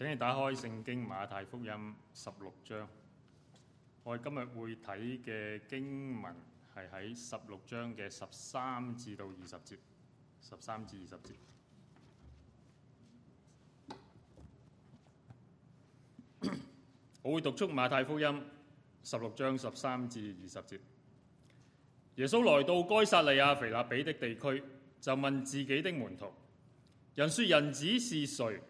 請你打開《聖經》馬太福音十六章。我哋今日會睇嘅經文係喺十六章嘅十三至到二十節，十三至二十節。 我會讀出《馬太福音》十六章十三至二十節。耶穌來到該撒利亞腓立比的地區，就問自己的門徒：人說人子是誰？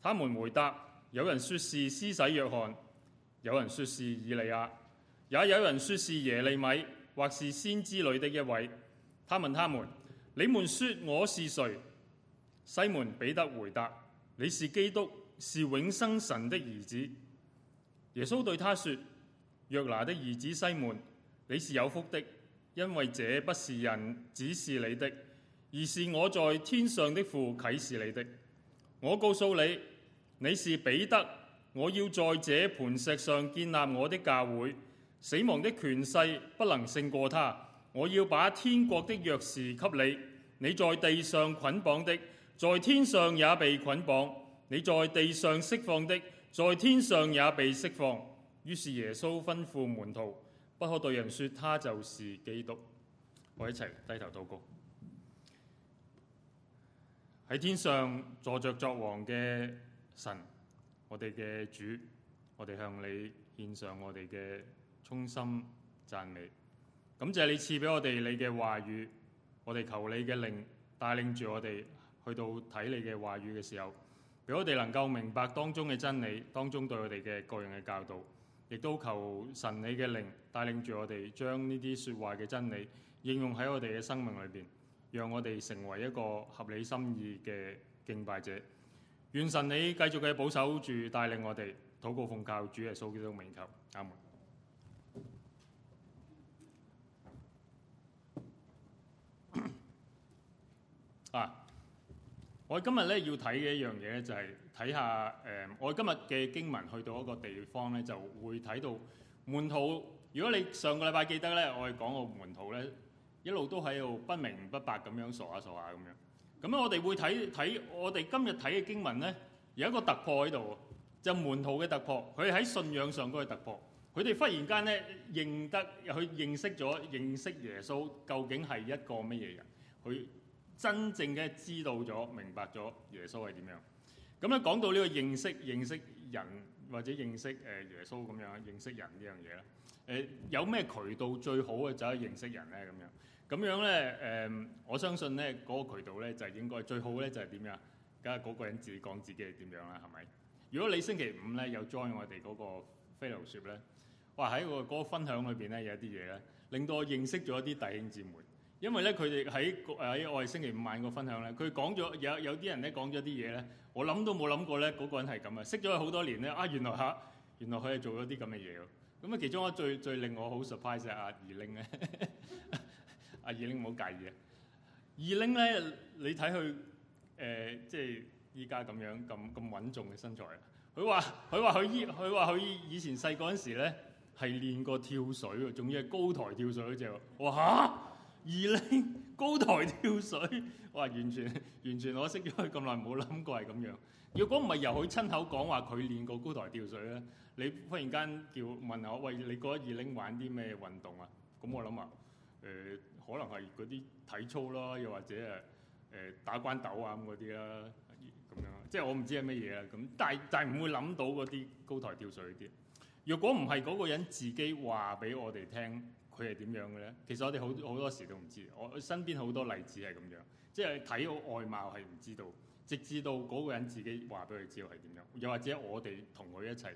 他們回答：有人說是施洗約翰，有人說是以利亞，也有人說是耶利米或是先知裏的一位。他問他們：你們說我是誰？西門彼得回答：你是基督，是永生神的兒子。耶穌對他說：若拿的兒子西門，你是有福的，因為這不是人指示你的，而是我在天上的父啟示你的。我告訴你。你是彼得，我要在這磐石上建立我的教會。死亡的權勢不能勝過他。我要把天國的鑰匙給你。你在地上捆綁的，在天上也被捆綁；你在地上釋放的，在天上也被釋放。於是耶穌吩咐門徒，不可對人說他就是基督。我一齊低頭禱告。喺天上坐着作王嘅，神，我哋嘅主，我哋向你獻上我哋嘅衷心讚美。感謝你賜俾我哋你嘅話語，我哋求你嘅靈帶領住我哋去到睇你嘅話語嘅時候，俾我哋能夠明白當中嘅真理，當中對我哋嘅個人嘅教導，亦都求神你嘅靈帶領住我哋，將呢啲說話嘅真理應用喺我哋嘅生命裏邊，讓我哋成為一個合你心意嘅敬拜者。願神你繼續嘅保守住，帶領我哋禱告，奉靠主，主耶穌基督名求，阿門。 啊，我今日咧要睇嘅一樣嘢就係睇下誒，我今日嘅經文去到一個地方咧，就會睇到門徒。如果你上個禮拜記得咧，我哋講個門徒咧，一路都喺度不明不白咁樣傻下傻下咁樣。咁我哋會睇睇我哋今日睇嘅經文呢，有一個突破喺度，就是、門徒嘅突破，佢喺信仰上嘅突破，佢哋忽然間呢，認得，佢認識咗認識,認識耶穌究竟係一個乜嘢人，佢真正嘅知道咗、明白咗耶穌係點樣。咁咧講到呢個認識認識人或者認識誒耶穌咁樣，認識人呢樣嘢咧、呃，有咩渠道最好嘅就係認識人呢咁樣。咁樣咧，誒、嗯，我相信咧，嗰、那個渠道咧就是、應該最好咧，就係、是、點樣？梗係嗰個人自己講自己係點樣啦，係咪？如果你星期五咧有 join 我哋嗰個 fellowship 咧，哇喺我嗰個分享裏邊咧有一啲嘢咧，令到我認識咗一啲弟兄姊妹，因為咧佢哋喺誒我哋星期五晚個分享咧，佢講咗有有啲人咧講咗啲嘢咧，我諗都冇諗過咧嗰個人係咁啊！識咗佢好多年咧啊，原來嚇原來佢係做咗啲咁嘅嘢喎。咁啊，其中一個最最令我好 surprise 係阿二玲咧。 二 l，唔好介意啊，二 l i 咧，你睇佢誒，即係依家咁樣咁咁穩重嘅身材。佢話佢話佢依佢話佢以前細個嗰時咧，係練過跳水喎，仲要係高台跳水嗰隻喎。二 l，高台跳水，哇！完全完全我識咗佢咁耐，冇諗過係咁樣。如果唔係由佢親口講話，佢練過高台跳水咧，你忽然間叫問下：「喂，你覺得二 l 玩啲咩運動啊？咁我諗啊。誒、呃、可能係嗰啲體操啦，又或者誒誒、呃、打關斗啊咁嗰啲啦，咁樣即係我唔知係乜嘢啊咁，但係但係唔會諗到嗰啲高台跳水啲。如果唔係嗰個人自己話俾我哋聽，佢係點樣嘅咧？其實我哋好好多時都唔知，我身邊好多例子係咁樣，即係睇外貌係唔知道，直至到嗰個人自己話俾佢知道係點樣，又或者我哋同佢一齊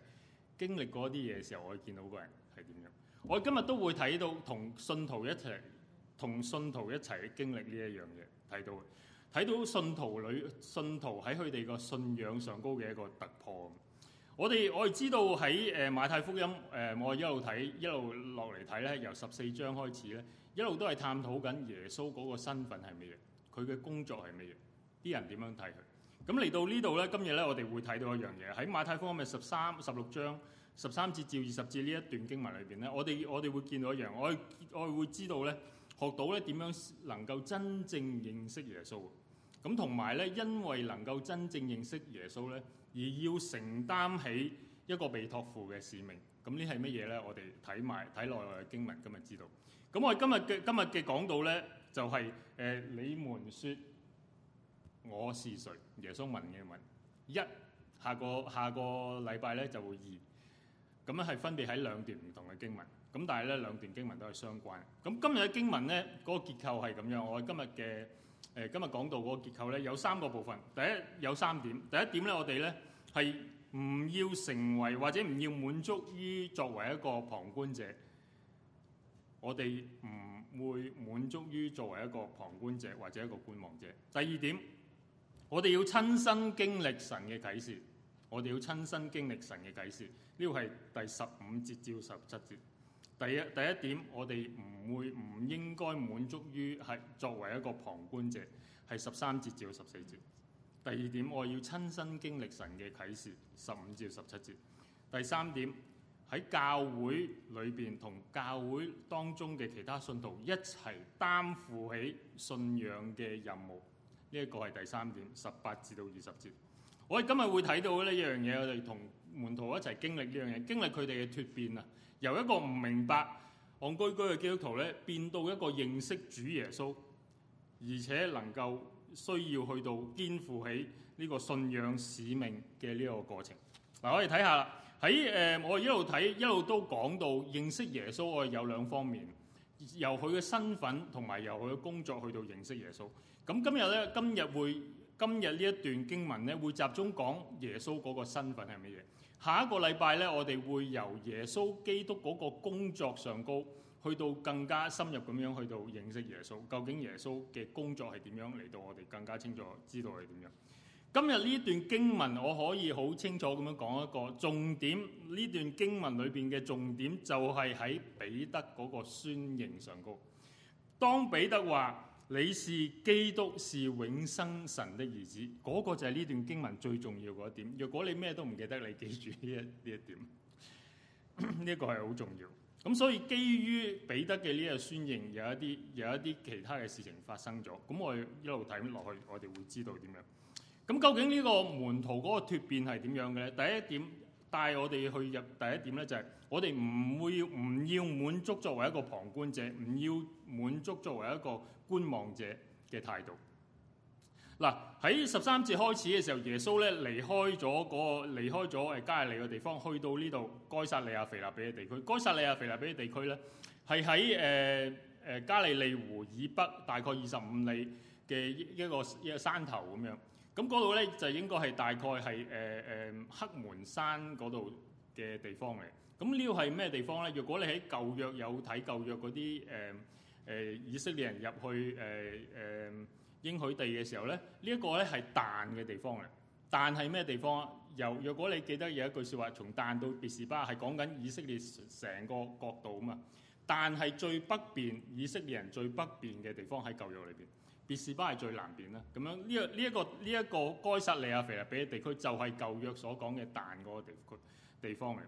經歷過啲嘢嘅時候，我會見到個人。我今日都會睇到同信徒一齊，同信徒一齊去經歷呢一樣嘢，睇到，睇到信徒女信徒喺佢哋個信仰上高嘅一個突破。我哋我哋知道喺誒、呃、馬太福音誒、呃，我一路睇一路落嚟睇咧，由十四章開始咧，一路都係探討緊耶穌嗰個身份係乜嘢，佢嘅工作係乜嘢，啲人點樣睇佢。咁嚟到這裏呢度咧，今日咧我哋會睇到一樣嘢喺馬太福音嘅十三十六章。十三節至二十節呢一段經文裏邊咧，我哋我哋會見到一樣，我會我，會我會知道咧，學到咧點樣能夠真正認識耶穌，咁同埋咧，因為能夠真正認識耶穌咧，而要承擔起一個被託付嘅使命，咁呢係乜嘢咧？我哋睇埋睇內外嘅經文今日知道。咁我哋今日嘅今日嘅講到咧、就是，就係誒你們說我是誰？耶穌問嘅問，一下個下個禮拜咧就會二。咁樣係分別喺兩段唔同嘅經文，咁但係咧兩段經文都係相關。咁今日嘅經文咧，嗰個結構係咁樣。我哋今日嘅誒今日講到嗰個結構咧，有三個部分。第一有三點。第一點咧，我哋咧係唔要成為或者唔要滿足於作為一個旁觀者，我哋唔會滿足於作為一個旁觀者或者一個觀望者。第二點，我哋要親身經歷神嘅啟示。我哋要親身經歷神嘅啟示，呢個係第十五節至到十七節。第一第一點，我哋唔會唔應該滿足於係作為一個旁觀者，係十三節至到十四節。第二點，我要親身經歷神嘅啟示，十五至到十七節。第三點，喺教會裏邊同教會當中嘅其他信徒一齊擔負起信仰嘅任務，呢一個係第三點，十八至到二十節。我哋今日會睇到呢一樣嘢，我哋同門徒一齊經歷呢樣嘢，經歷佢哋嘅蛻變啊，由一個唔明白戇居居嘅基督徒咧，變到一個認識主耶穌，而且能夠需要去到肩負起呢個信仰使命嘅呢個過程。嗱，我哋睇下啦，喺誒、呃，我哋一路睇一路都講到認識耶穌，我哋有兩方面，由佢嘅身份同埋由佢嘅工作去到認識耶穌。咁今日咧，今日會。今日呢一段經文咧，會集中講耶穌嗰個身份係乜嘢。下一個禮拜咧，我哋會由耶穌基督嗰個工作上高，去到更加深入咁樣去到認識耶穌。究竟耶穌嘅工作係點樣，嚟到我哋更加清楚知道係點樣。今日呢段經文，我可以好清楚咁樣講一個重點。呢段經文裏邊嘅重點就係喺彼得嗰個宣認上高。當彼得話，你是基督，是永生神的兒子，嗰、嗰個就係呢段經文最重要嗰一點。若果你咩都唔記得，你記住呢一,呢一點，呢、 呢個係好重要。咁所以基於彼得嘅呢個宣言有一啲有一啲其他嘅事情發生咗。咁我一路睇落去，我哋會知道點樣。咁究竟呢個門徒嗰個蛻變係點樣嘅咧？第一點。帶我哋去入第一點咧，就係我哋唔會唔要滿足作為一個旁觀者，唔要滿足作為一個觀望者嘅態度。嗱，喺十三節開始嘅時候，耶穌咧離開咗嗰個離開咗誒加利利嘅地方，去到呢度該撒利亞腓立比嘅地區。該撒利亞腓立比嘅地區咧，係喺誒誒加利利湖以北大概二十五里嘅一個一個，一個山頭咁樣。咁嗰度咧就應該係大概係誒誒黑門山嗰度嘅地方嚟。咁呢個係咩地方咧？若果你喺舊約有睇舊約嗰啲誒誒以色列人入去誒誒應許地嘅時候咧，呢一個咧係但嘅地方嚟。但係咩地方啊？由若果你記得有一句説話，從但到別是巴係講緊以色列成個國度啊嘛。但係最北邊，以色列人最北邊嘅地方喺舊約裏邊。別士巴係最南邊啦，咁樣呢一、這個呢一、這個呢一個該撒利亞腓立比地區就係舊約所講嘅但嗰個地區地方嚟。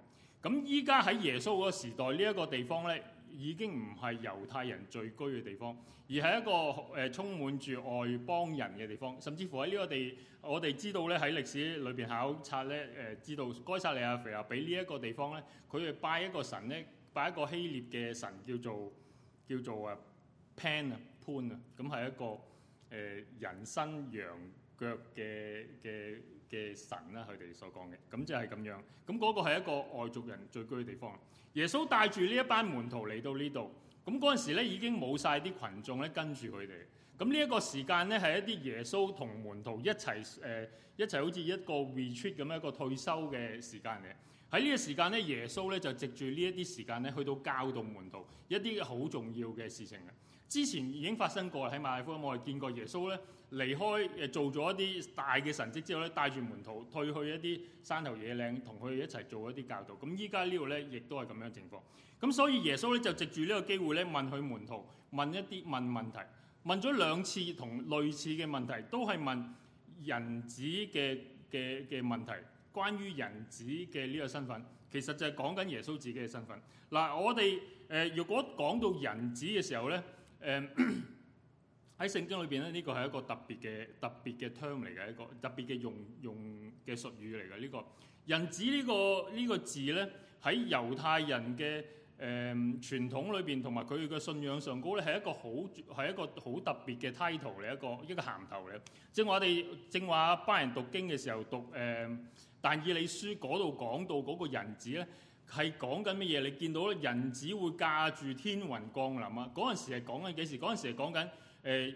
咁依家喺耶穌嗰個時代呢一、這個地方咧，已經唔係猶太人聚居嘅地方，而係一個誒、呃、充滿住外邦人嘅地方。甚至乎喺呢個地，我哋知道咧喺歷史裏邊考察咧誒、呃，知道該撒利亞腓立比呢一個地方咧，佢哋拜一個神咧，拜一個希臘嘅神叫做叫做啊潘啊。潘啊，咁係一個誒、呃、人身羊腳嘅嘅嘅神啦，佢哋所講嘅，咁就係咁樣。咁、那、嗰個係一個外族人聚居嘅地方。耶穌帶住呢一班門徒嚟到、那個、呢度，咁嗰陣時咧已經冇晒啲群眾咧跟住佢哋。咁呢一個時間咧係一啲耶穌同門徒一齊誒、呃、一齊好似一個 retreat 咁樣一個退休嘅時間嚟嘅。喺呢個時間咧，耶穌咧就藉住呢一啲時間咧去到教導門徒一啲好重要嘅事情嘅。之前已經發生過，喺馬太福音我哋見過耶穌咧，離開誒做咗一啲大嘅神蹟之後咧，帶住門徒退去一啲山頭野嶺，同佢哋一齊做一啲教導。咁依家呢度咧，亦都係咁樣情況。咁所以耶穌咧就藉住呢個機會咧問佢門徒，問一啲問問題，問咗兩次同類似嘅問題，都係問人子嘅嘅嘅問題，關於人子嘅呢個身份，其實就係講緊耶穌自己嘅身份。嗱，我哋誒如果講到人子嘅時候咧，誒喺 聖經裏邊咧，呢個係一個特別嘅特別嘅 term 嚟嘅，一個特別嘅用用嘅術語嚟嘅、這個這個這個、呢人、嗯個，個，title，個，個，人嗯、個人子呢個呢個字咧，喺猶太人嘅誒傳統裏邊同埋佢嘅信仰上高咧，係一個好係一個好特別嘅 title 嚟，一個一個銜頭嚟。即係我哋正話班人讀經嘅時候讀誒但以理書嗰度講到嗰個人子咧。係講緊乜嘢？你見到咧，人子會駕住天雲降臨啊！嗰陣時係講緊幾時？嗰陣時係講緊誒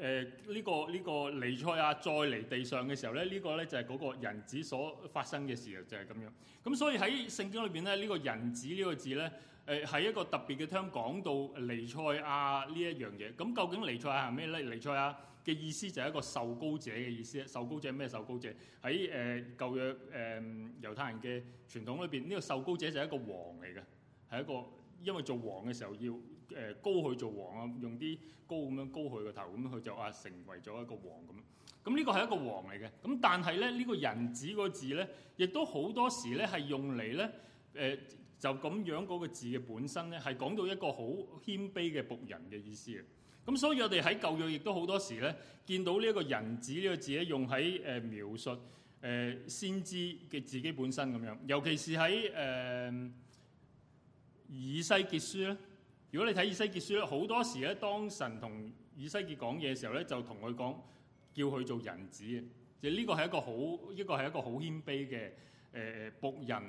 誒呢個呢個尼賽亞再嚟地上嘅時候咧，呢、呢個咧就係嗰個人子所發生嘅事啊，就係、係、咁樣。咁所以喺聖經裏面咧，呢、呢個人子呢個字咧，誒係一個特別嘅，聽講到尼賽亞呢一樣嘢。咁究竟尼賽亞係咩咧？尼賽亞？嘅意思就係一個受膏者嘅意思咧，受膏者咩？受膏者喺誒、呃、舊約誒、呃呃、猶太人嘅傳統裏邊，呢、這個受膏者就係一個王嚟嘅，係一個因為做王嘅時候要誒、呃、膏去做王啊，用啲膏咁樣膏佢個頭咁，佢、嗯、就啊成為咗一個王咁。咁、嗯、呢、嗯這個係一個王嚟嘅。咁、嗯、但係咧呢、這個人子個字咧，亦都好多時咧係用嚟咧誒就咁樣嗰個字嘅本身咧，係講到一個好謙卑嘅僕人嘅意思嘅。咁所以我哋喺舊約亦都好多時咧，見到呢一個人子呢個字咧用喺誒、呃、描述誒、呃、先知嘅自己本身咁樣，尤其是喺誒、呃、以西結書咧。如果你睇以西結書咧，好多時咧當神同以西結講嘢嘅時候咧，就同佢講叫佢做人子嘅，就呢個係一個好，一個係一個好謙卑嘅誒僕人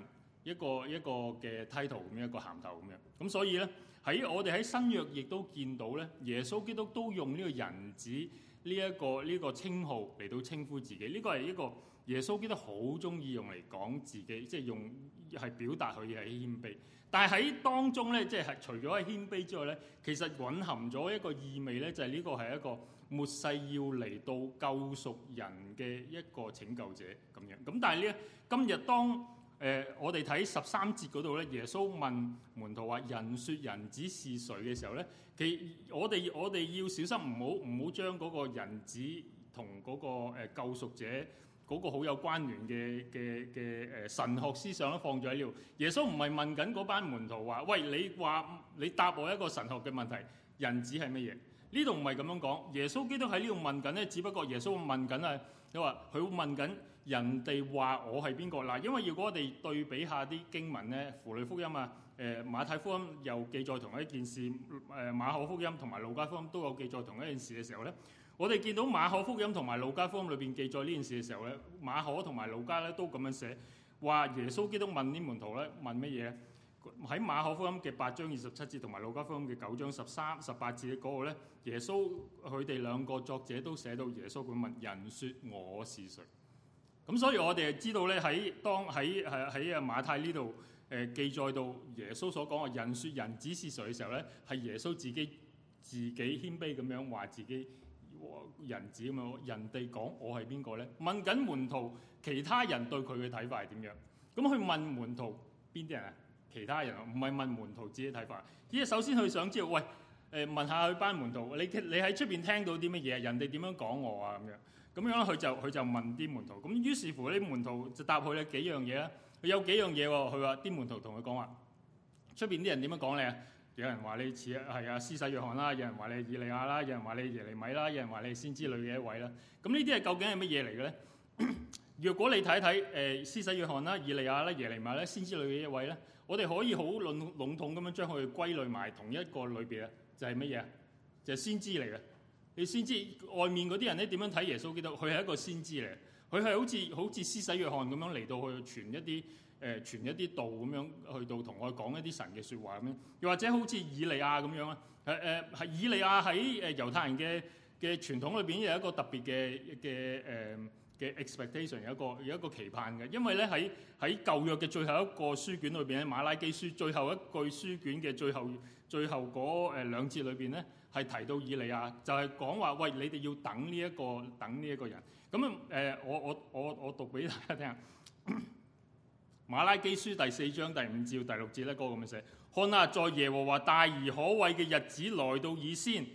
一個一個嘅 title 咁一個銜頭咁樣。咁所以咧。喺我哋喺新約亦都見到咧，耶穌基督都用呢個人子呢一個呢個稱號嚟到稱呼自己，呢個係一個耶穌基督好中意用嚟講自己，即係用係表達佢嘅謙卑。但係喺當中咧，即係係除咗係謙卑之外咧，其實藴含咗一個意味咧，就係呢個係一個末世要嚟到救贖人嘅一個拯救者咁樣。咁但係呢，今日當誒、呃，我哋睇十三節嗰度咧，耶穌問門徒話：人説人子是誰嘅時候咧，其我哋我哋要小心唔好，唔好唔好將嗰個人子同嗰、嗰個、呃、救贖者嗰、嗰個好有關聯嘅嘅嘅誒神學思想咧放咗喺呢度。耶穌唔係問緊嗰班門徒話：喂，你話你答我一個神學嘅問題，人子係乜嘢？呢度唔係咁樣講。耶穌基督喺呢度問緊咧，只不過耶穌問緊啊。你話佢會問緊人哋話我係邊個？嗱，因為如果我哋對比下啲經文咧，符類福音啊，誒馬太福音又記載同一件事，誒馬可福音同埋路加福音都有記載同一件事嘅時候咧，我哋見到馬可福音同埋路加福音裏邊記載呢件事嘅時候咧，馬可同埋路加咧都咁樣寫，話耶穌基督問呢門徒咧問乜嘢？喺馬可福音嘅八章二十七節，同埋路加福音嘅九章十三十八節嘅嗰個咧，耶穌佢哋兩個作者都寫到耶穌佢問，人說我是誰？咁所以我哋知道咧，喺當喺喺啊馬太呢度誒記載到耶穌所講話，人說人子是誰嘅時候咧，係耶穌自己自己謙卑咁樣話自己人子咁樣，人哋講我係邊個咧？問緊門徒，其他人對佢嘅睇法係點樣？咁去問門徒邊啲人啊？其他人唔係問門徒自己睇法。依家首先佢想知道，喂，誒問下佢班門徒，你你喺出邊聽到啲乜嘢？人哋點樣講我啊？咁樣，咁樣佢就佢就問啲門徒。咁於是乎啲門徒就答佢你幾樣嘢啦。佢有幾樣嘢喎？佢話啲門徒同佢講話，出邊啲人點樣講你啊？有人話你似係啊施洗約翰啦，有人話你以利亞啦，有人話你耶利米啦，有人話你先知類嘅一位啦。咁呢啲係究竟係乜嘢嚟嘅咧？ 若果你睇睇誒施洗約翰啦、以利亞啦、耶利米咧、先知裏嘅一位咧，我哋可以好籠籠統咁樣將佢歸類埋同一個裏邊啊！就係乜嘢啊？就係、是、先知嚟嘅。你先知外面嗰啲人咧，點樣睇耶穌基督？佢係一個先知嚟嘅。佢係好似好似施洗約翰咁樣嚟到去傳一啲誒傳一啲道咁樣，去到同我講一啲神嘅説話咁樣。又或者好似以利亞咁樣啊？誒、呃、誒，係以利亞喺誒猶太人嘅嘅傳統裏邊有一個特別嘅嘅誒。嘅 expectation 有一個有一個期盼嘅，因為咧喺喺舊約嘅最後一個書卷裏邊，喺馬拉基書最後一句書卷嘅最後最後嗰誒兩節裏邊咧，係提到以利亞，就係、是、講話喂你哋要等呢、這、一個等呢一個人。咁誒，我我我我讀俾大家聽。馬拉基書第四章第五節第六節咧，嗰、那個咁樣寫：看啊，在耶和華大而可畏嘅日子來到以先，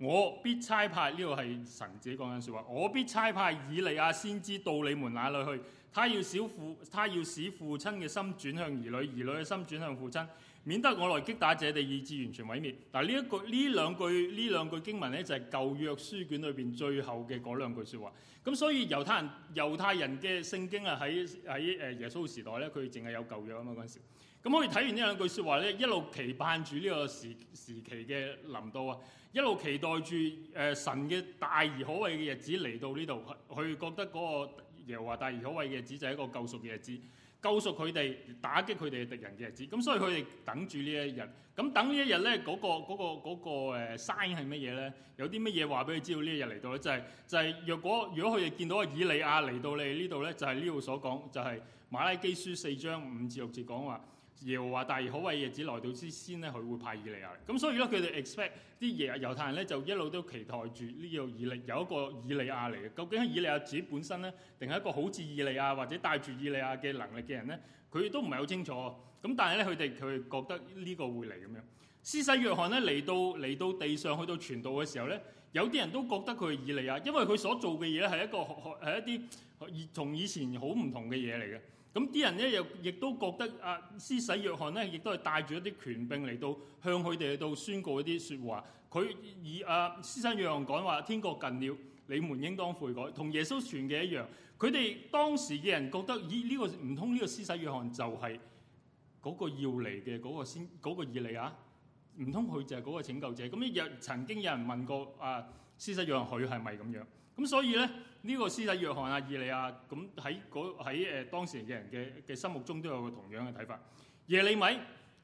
我必差派，呢個係神自己講緊説話，我必差派以利亞先知到你們哪裏去。他要少父，他要使父親嘅心轉向兒女，兒女嘅心轉向父親，免得我來擊打這地，以致完全毀滅。嗱，呢一句呢兩句呢兩句經文咧，就係、是、舊約書卷裏邊最後嘅嗰兩句説話。咁所以猶太人猶太人嘅聖經在在啊，喺喺誒耶穌時代咧，佢淨係有舊約啊嘛嗰陣時。咁我哋睇完呢兩句説話咧，一路期盼住呢個時時期嘅臨到啊！一路期待住誒神嘅大而可畏嘅日子嚟到呢度，佢覺得嗰個又話大而可畏嘅日子就係一個救贖嘅日子，救贖佢哋，打擊佢哋敵人嘅日子。咁所以佢哋等住呢一日，咁等呢一日咧，嗰個嗰個嗰個誒，那個那個那個那個，sign 係乜嘢咧？有啲乜嘢話俾佢知道呢一日嚟到咧？就係就係若果如果佢哋見到阿以利亞嚟到你呢度咧，就係呢度所講，就係馬拉基書四章五至六節講話。耶和華大而可畏嘅日子來到之先咧，佢會派以利亞。咁所以咧，佢哋 expect 啲耶猶太人咧，就一路都期待住呢個以利有一個以利亞嚟嘅，究竟係以利亞自己本身咧，定係一個好似以利亞或者帶住以利亞嘅能力嘅人咧？佢都唔係好清楚。咁但係咧，佢哋佢哋覺得呢個會嚟咁樣。施洗約翰咧，嚟到嚟到地上去到傳道嘅時候咧，有啲人都覺得佢係以利亞，因為佢所做嘅嘢咧係一個係一啲以從以前好唔同嘅嘢嚟嘅。咁啲人咧又亦都覺得啊，施洗約翰咧亦都係帶住一啲權柄嚟到向佢哋嚟到宣告一啲說話。佢以啊施洗約翰講話天國近了，你們應當悔改，同耶穌傳嘅一樣。佢哋當時嘅人覺得咦，呢個唔通呢個施洗約翰就係嗰個要嚟嘅嗰個先嚟、嗰個、啊？唔通佢就係嗰個拯救者？咁曾經有人問過啊施洗約翰佢係咪咁樣？咁所以咧。呢、這個施洗約翰啊、以利亞啊，咁喺喺誒當時嘅人嘅嘅心目中都有個同樣嘅睇法。耶利米誒、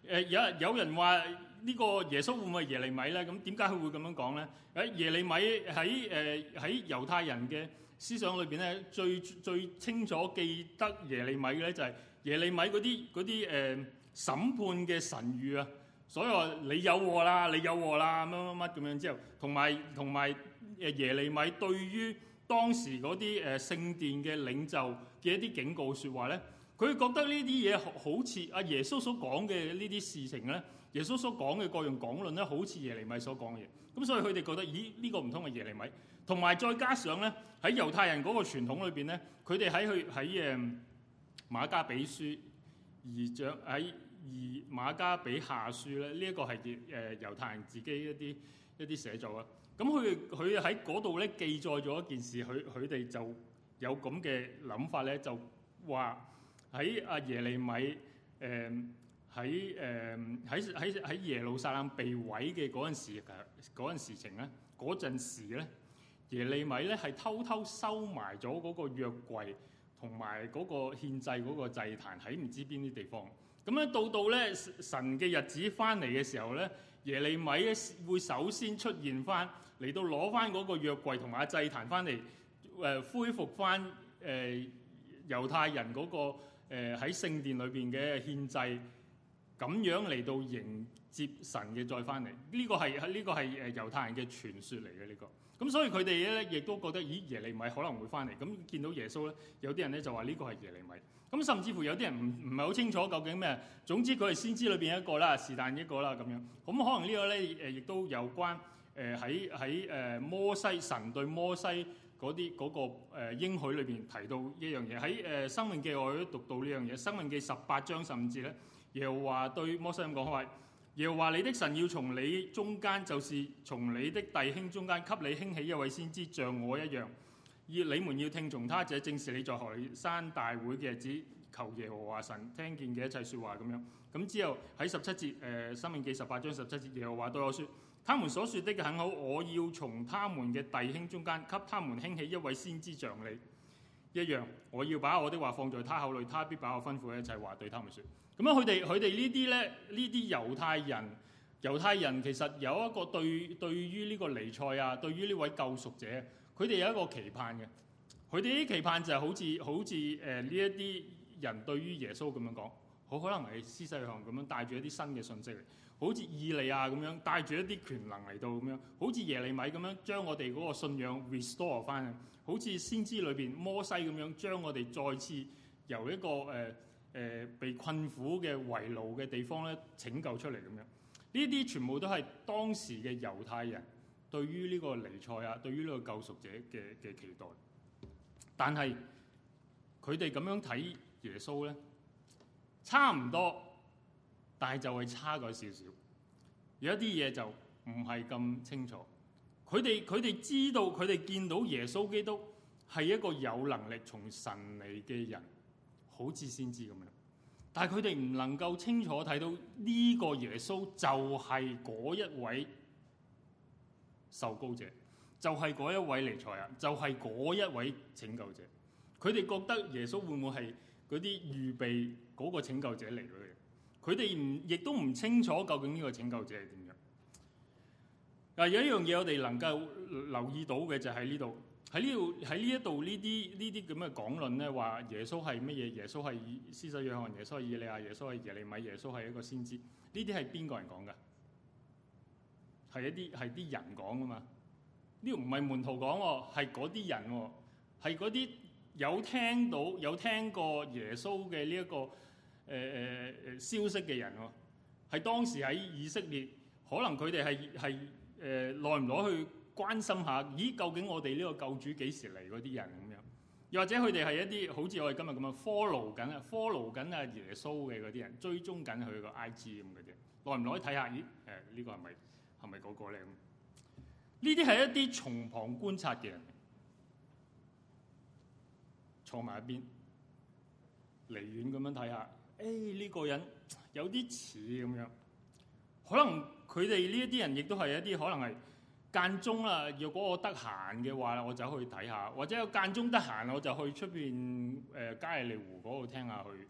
呃、有有人話呢個耶穌會唔會係耶利米咧？咁點解佢會咁樣講咧？喺耶利米喺誒喺猶太人嘅思想裏邊咧，最最清楚記得耶利米咧就係耶利米嗰啲啲誒審判嘅神諭啊，所以話你有禍啦，你有禍啦，乜乜乜咁樣之後，同埋同埋誒耶利米對於。當時嗰啲誒聖殿嘅領袖嘅一啲警告說話咧，佢覺得呢啲嘢好似阿耶穌所講嘅呢啲事情咧，耶穌所講嘅各樣講論咧，好似耶利米所講嘅嘢，咁所以佢哋覺得，咦呢、這個唔通係耶利米。同埋再加上咧，喺猶太人嗰個傳統裏邊咧，佢哋喺佢喺誒馬加比書二章喺二馬加比下書咧，呢、這、一個係誒猶太人自己一啲一啲寫作啊。咁佢佢喺嗰度咧，記載咗一件事，佢佢哋就有咁嘅諗法咧，就話喺阿耶利米誒喺誒喺喺喺耶路撒冷被毀嘅嗰陣時嘅嗰陣情咧，嗰陣時咧耶利米咧係偷偷收埋咗嗰個約櫃同埋嗰個獻祭嗰個祭壇喺唔知邊啲地方。咁咧到到咧神嘅日子翻嚟嘅時候咧，耶利米咧會首先出現翻。嚟到攞翻嗰個約櫃同阿祭壇翻嚟，誒、呃、恢復翻誒猶太人嗰、嗰個喺聖、呃、殿裏邊嘅獻祭，咁樣嚟到迎接神嘅再翻嚟，呢、呢個係呢、呢個係誒猶太人嘅傳說嚟嘅呢個。咁所以佢哋咧亦都覺得，咦耶利米可能會翻嚟，咁見到耶穌咧，有啲人咧就話呢個係耶利米。咁甚至乎有啲人唔唔係好清楚究竟咩。總之佢係先知裏邊一個啦，是但一個啦咁樣。咁可能個呢個咧誒亦都有關。誒喺喺誒摩西，神對摩西嗰啲嗰個誒應許裏邊提到一樣嘢，喺誒、呃《申命記》我都讀到呢樣嘢，《申命記》十八章十五節咧，耶和華對摩西咁講話，耶和華你的神要從你中間，就是從你的弟兄中間，給你興起一位先知，像我一樣，而你們要聽從他，這，正是你在何烈山大會嘅日子。求耶和華神聽見嘅一切説話咁樣。咁之後喺十七節誒、呃《申命記》十八章十七節，耶和華對我說。他們所說的很好，我要從他們嘅弟兄中間給他們興起一位先知，像你一樣，我要把我的話放在他口裏，他必把我吩咐的一切話對他們說。咁樣佢哋佢哋呢啲咧呢啲猶太人，猶太人其實有一個對對於呢個彌賽亞，對於呢位救贖者，佢哋有一個期盼嘅。佢哋啲期盼就係好似好似誒呢一啲人對於耶穌咁樣講，好可能係施洗約翰咁樣帶住一啲新嘅信息嚟。好似以利亞咁樣帶住一啲權能嚟到咁樣，好似耶利米咁樣將我哋嗰個信仰 restore 翻，好似先知裏邊摩西咁樣將我哋再次由一個誒誒、呃呃、被困苦嘅為奴嘅地方咧拯救出嚟咁樣。呢啲全部都係當時嘅猶太人對於呢個彌賽亞，對於呢個救贖者嘅嘅期待。但係佢哋咁樣睇耶穌咧，差唔多。但係就係差咗少少，有一啲嘢，就唔係咁清楚。佢哋佢哋知道佢哋見到耶穌基督係一個有能力從神嚟嘅人，好似先知咁樣。但係佢哋唔能夠清楚睇到呢個耶穌就係嗰一位受膏者，就係、是、嗰一位彌賽亞，就係、是、嗰一位拯救者。佢哋覺得耶穌會唔會係嗰啲預備嗰個拯救者嚟嘅？佢哋唔亦都唔清楚究竟呢個拯救者係點樣？嗱，有一樣嘢我哋能夠留意到嘅就喺呢度，喺呢度喺呢一度呢啲呢啲咁嘅講論咧，話耶穌係乜嘢？耶穌係施洗約翰，耶穌係以利亞，耶穌係耶利米，耶穌係一個先知。呢啲係邊個人講嘅？係一啲係啲人講噶嘛？呢個唔係門徒講，係嗰啲人，係嗰啲有聽到有聽過耶穌嘅呢一個。誒誒誒消息嘅人喎、哦，係當時喺以色列，可能佢哋係係誒耐唔耐去關心下，咦？究竟我哋呢個救主幾時嚟？嗰啲人咁樣，又或者佢哋係一啲好似我哋今日咁樣，follow 緊啊，follow 緊啊耶穌嘅嗰啲人，追蹤緊佢個 IG 咁嘅啫，耐唔耐睇下？咦、嗯？誒、這個、呢個係咪係咪嗰個咧？咁呢啲係一啲從旁觀察嘅人，坐埋一邊，離遠咁樣睇下。誒、哎，呢、這個人有啲似咁樣，可能佢哋呢一啲人亦都係一啲可能係間中啦，若果我得閒嘅話，我就去睇下；或者間中得閒，我就去出邊誒，加利利湖嗰度聽下去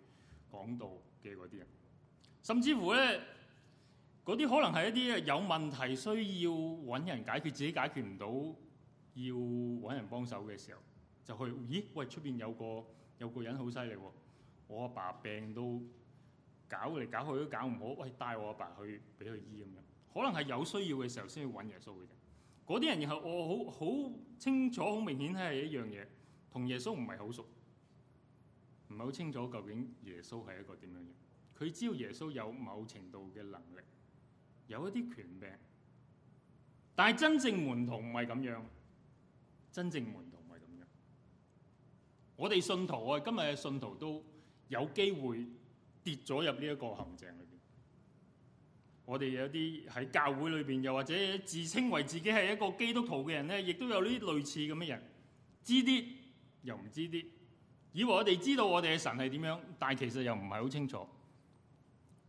講道嘅嗰啲人，甚至乎呢，嗰啲可能係一啲有問題需要搵人解決，自己解決唔到，要搵人幫手嘅時候，就去。咦，喂，出邊有個有個人好犀利喎！我阿爸病到搞嚟搞去都搞唔好，喂，帶我阿爸去俾佢醫咁樣，可能係有需要嘅時候先去揾耶穌嘅啫。嗰啲人然後我好好清楚、好明顯係一樣嘢，同耶穌唔係好熟，唔係好清楚究竟耶穌係一個點樣嘅。佢知道耶穌有某程度嘅能力，有一啲權柄，但係真正門徒唔係咁樣，真正門徒唔係咁樣。我哋信徒啊，我今日嘅信徒都有機會跌咗入呢一個陷阱裏邊。我哋有啲喺教會裏邊，又或者自稱為自己係一個基督徒嘅人咧，亦都有呢啲類似咁嘅人知，知啲又唔知啲，以為我哋知道我哋嘅神係點樣，但係其實又唔係好清楚。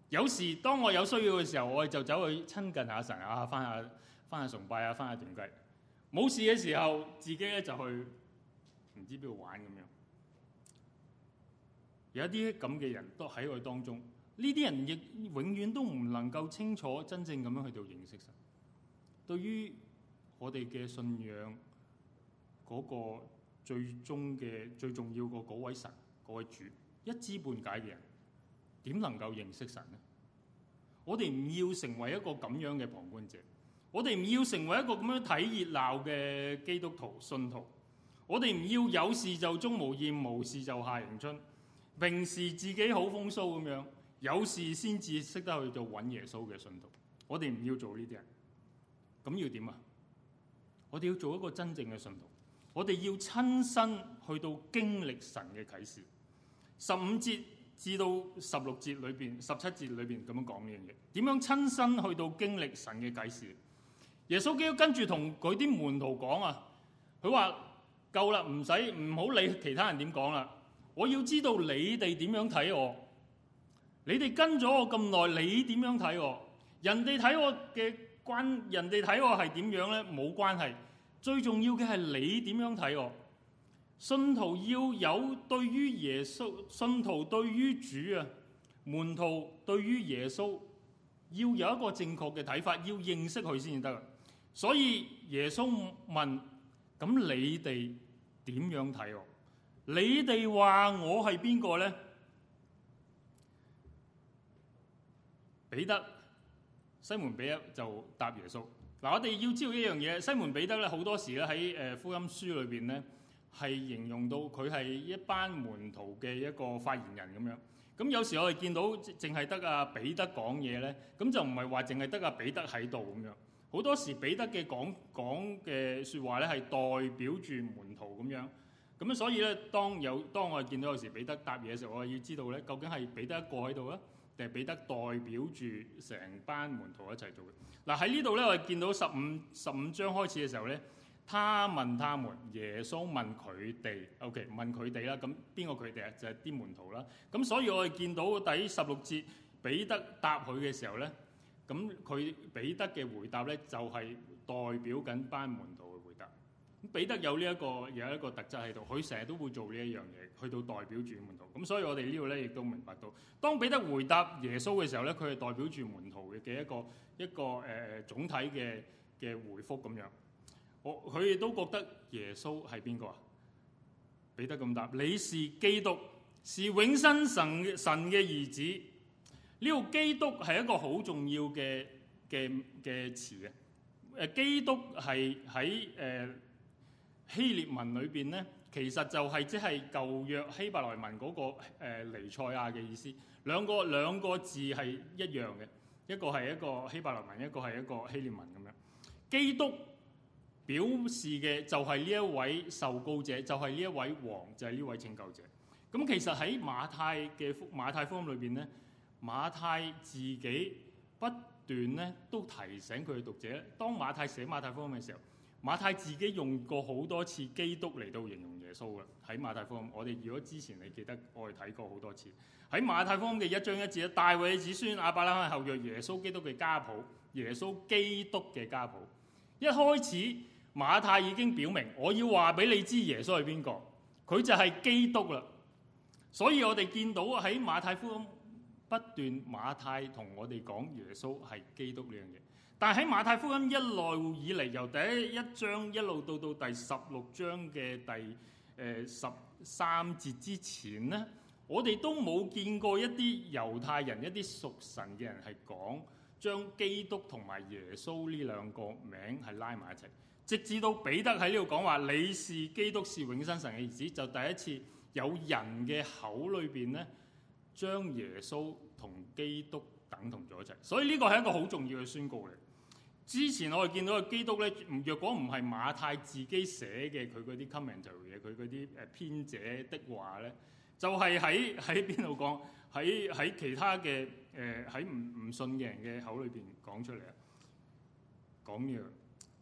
有時當我有需要嘅時候，我哋就走去親近下神啊，返下返下崇拜啊，返下團契。冇事嘅時候，自己咧就去唔知邊度玩咁樣。有一啲咁嘅人都喺我當中，呢啲人亦永遠都唔能夠清楚真正咁樣去到認識神。對於我哋嘅信仰嗰個最終嘅最重要個嗰位神嗰位主一知半解嘅人，點能夠認識神呢？我哋唔要成為一個咁樣嘅旁觀者，我哋唔要成為一個咁樣睇熱鬧嘅基督徒信徒，我哋唔要有事就鍾無艷，無事就夏迎春。平時自己好風騷咁樣，有事先至識得去做揾耶穌嘅信徒。我哋唔要做呢啲人，咁要點啊？我哋要做一個真正嘅信徒。我哋要親身去到經歷神嘅啟示。十五節至到十六節裏邊，十七節裏邊咁樣講呢樣嘢。點樣親身去到經歷神嘅啟示？耶穌基督跟住同佢啲門徒講啊，佢話夠啦，唔使唔好理其他人點講啦。我要知道你哋點樣睇我？你哋跟咗我咁耐，你點樣睇我？人哋睇我嘅關，人哋睇我係點樣呢？冇關係，最重要嘅係你點樣睇我？信徒要有對於耶穌，信徒對於主啊，門徒對於耶穌，要有一個正確嘅睇法，要認識佢先至得。所以耶穌問：咁你哋點樣睇我？你哋話我係邊個呢？彼得、西門彼得就答耶穌。嗱，我哋要知道一樣嘢，西門彼得咧好多時咧喺福音書裏面咧係形容到佢係一班門徒嘅一個發言人咁樣。咁有時我哋見到淨係得阿彼得講嘢咧，咁就唔係話淨係得阿彼得喺度咁樣。好多時彼得嘅講講嘅說話咧係代表住門徒咁樣。咁所以咧，當有當我哋見到有時彼得答嘢嘅時候，我哋要知道咧，究竟係彼得一個喺度啊，定係彼得代表住成班門徒一齊做嘅？嗱喺呢度咧，我哋見到十五十五章開始嘅時候咧，他問他們，耶穌問佢哋，OK，問佢哋啦。咁邊個佢哋啊？就係啲門徒啦。咁所以我哋見到第十六節彼得答佢嘅時候咧，咁佢彼得嘅回答咧就係代表緊班門徒。彼得有呢、這、一個有一個特質喺度，佢成日都會做呢一樣嘢，去到代表住門徒。咁所以我哋呢度咧，亦都明白到，當彼得回答耶穌嘅時候咧，佢係代表住門徒嘅嘅一個一個誒、呃、總體嘅嘅回覆咁樣。我佢亦都覺得耶穌係邊個啊？彼得咁答：「你是基督，是永生神神嘅兒子。呢、這個基督係一個好重要嘅嘅嘅詞嘅。誒，基督係喺誒。呃希列文裏邊咧，其實就係即係舊約希伯來文嗰、那個、呃、彌賽亞嘅意思，兩個兩個字係一樣嘅，一個係一個希伯來文，一個係一個希列文咁樣。基督表示嘅就係呢一位受膏者，就係呢一位王，就係、是、呢位拯救者。咁其實喺馬太嘅馬太福音裏邊咧，馬太自己不斷咧都提醒佢嘅讀者，當馬太寫馬太福音嘅時候。馬太自己用過好多次基督嚟到形容耶穌嘅，喺馬太福音，我哋如果之前你記得，我哋睇過好多次。喺馬太福音嘅一章一節咧，大衛子孫亞伯拉罕後裔耶穌基督嘅家譜，耶穌基督嘅家譜。一開始馬太已經表明，我要話俾你知耶穌係邊個，佢就係基督啦。所以我哋見到喺馬太福音不斷，馬太同我哋講耶穌係基督呢樣嘢。但喺馬太福音一內以嚟，由第一一章一路到到第十六章嘅第誒、呃、十三節之前呢，我哋都冇見過一啲猶太人、一啲屬神嘅人係講將基督同埋耶穌呢兩個名係拉埋一齊，直至到彼得喺呢度講話：你是基督，是永生神嘅意思兒子，就第一次有人嘅口裏邊呢將耶穌同基督等同咗一齊。所以呢個係一個好重要嘅宣告嚟。之前我哋見到嘅基督咧，若果唔係馬太自己寫嘅佢嗰啲 commentary 嘅，佢嗰啲誒編者的話咧，就係喺喺邊度講？喺喺其他嘅誒喺唔唔信嘅人嘅口裏邊講出嚟啊！講咩？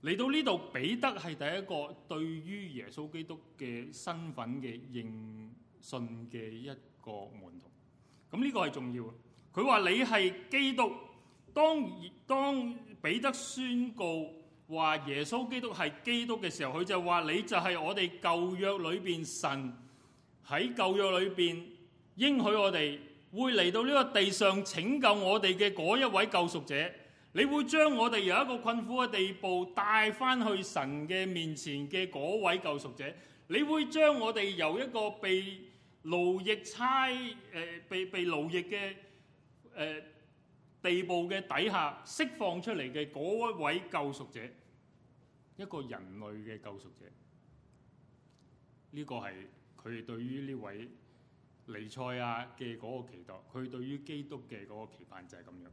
嚟到呢度，彼得係第一個對於耶穌基督嘅身份嘅認信嘅一個門徒。咁呢個係重要嘅！佢話你係基督。當當彼得宣告話耶穌基督係基督嘅時候，佢就話：你就係我哋舊約裏邊，神喺舊約裏邊應許我哋會嚟到呢個地上拯救我哋嘅嗰一位救贖者。你會將我哋由一個困苦嘅地步帶翻去神嘅面前嘅嗰位救贖者。你會將我哋由一個被奴役猜誒被被奴役嘅誒。呃地步嘅底下釋放出嚟嘅嗰位救贖者，一個人類嘅救贖者，呢個係佢哋對於呢位尼賽亞嘅嗰個期待，佢對於基督嘅嗰個期盼就係咁樣。